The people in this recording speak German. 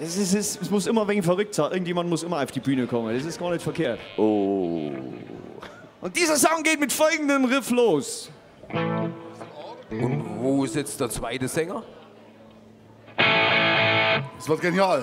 Es, ist, es, es muss immer wegen verrückt sein. Irgendjemand muss immer auf die Bühne kommen. Das ist gar nicht verkehrt. Oh. Und dieser Song geht mit folgendem Riff los. Und wo ist jetzt der zweite Sänger? Es wird genial.